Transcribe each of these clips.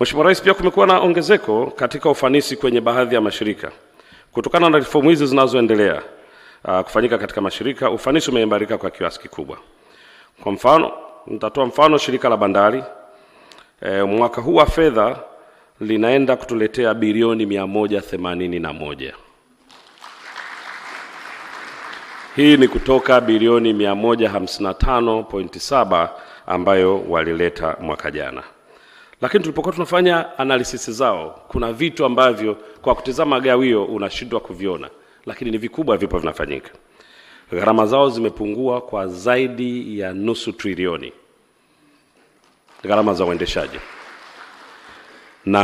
Mheshimiwa Rais, pia kumekuwa na ongezeko katika ufanisi kwenye baadhi ya mashirika kutokana na reformu hizi zinazoendelea uh, kufanyika katika mashirika. Ufanisi umeimarika kwa kiasi kikubwa. Kwa mfano, nitatoa mfano shirika la bandari e, mwaka huu wa fedha linaenda kutuletea bilioni 181. Hii ni kutoka bilioni 155.7 ambayo walileta mwaka jana. Lakini tulipokuwa tunafanya analysis zao, kuna vitu ambavyo kwa kutizama gawio unashindwa kuviona, lakini ni vikubwa, vipo vinafanyika. Gharama zao zimepungua kwa zaidi ya nusu trilioni, gharama za uendeshaji, na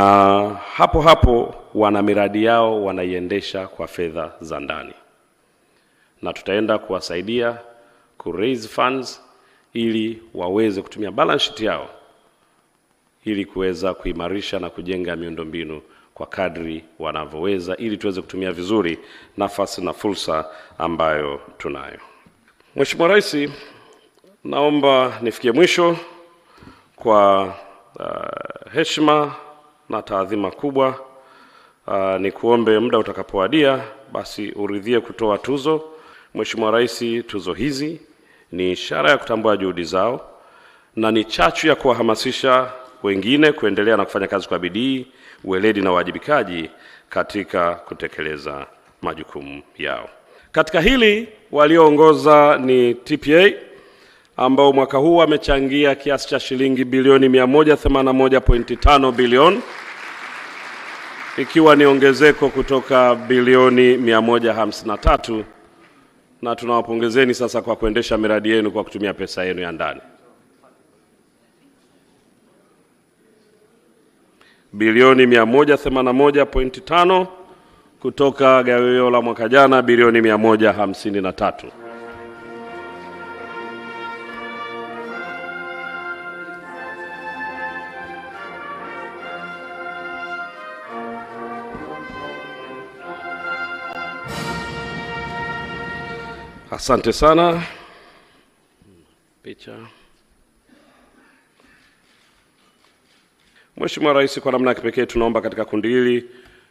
hapo hapo wana miradi yao wanaiendesha kwa fedha za ndani, na tutaenda kuwasaidia ku raise funds ili waweze kutumia balance sheet yao ili kuweza kuimarisha na kujenga miundombinu kwa kadri wanavyoweza ili tuweze kutumia vizuri nafasi na fursa ambayo tunayo. Mheshimiwa Rais, naomba nifikie mwisho kwa uh, heshima na taadhima kubwa. Uh, ni kuombe muda utakapowadia basi uridhie kutoa tuzo. Mheshimiwa Rais, tuzo hizi ni ishara ya kutambua juhudi zao na ni chachu ya kuwahamasisha wengine kuendelea na kufanya kazi kwa bidii, weledi na uwajibikaji katika kutekeleza majukumu yao. Katika hili walioongoza ni TPA ambao mwaka huu wamechangia kiasi cha shilingi bilioni 181.5 bilion ikiwa ni ongezeko kutoka bilioni 153 na tunawapongezeni sasa kwa kuendesha miradi yenu kwa kutumia pesa yenu ya ndani. bilioni 181.5 kutoka gawio la mwaka jana bilioni 153. Asante sana. Hmm, picha Mheshimiwa Rais, kwa namna ya kipekee tunaomba katika kundi hili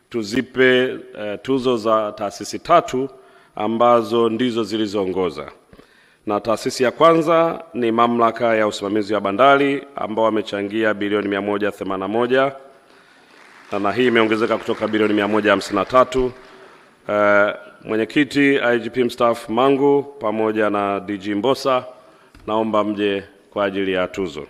tuzipe uh, tuzo za taasisi tatu ambazo ndizo zilizoongoza, na taasisi ya kwanza ni Mamlaka ya Usimamizi wa Bandari ambao wamechangia bilioni 181 na hii imeongezeka kutoka bilioni 153. Uh, eh, mwenyekiti IGP mstaafu Mangu pamoja na DG Mbosa naomba mje kwa ajili ya tuzo.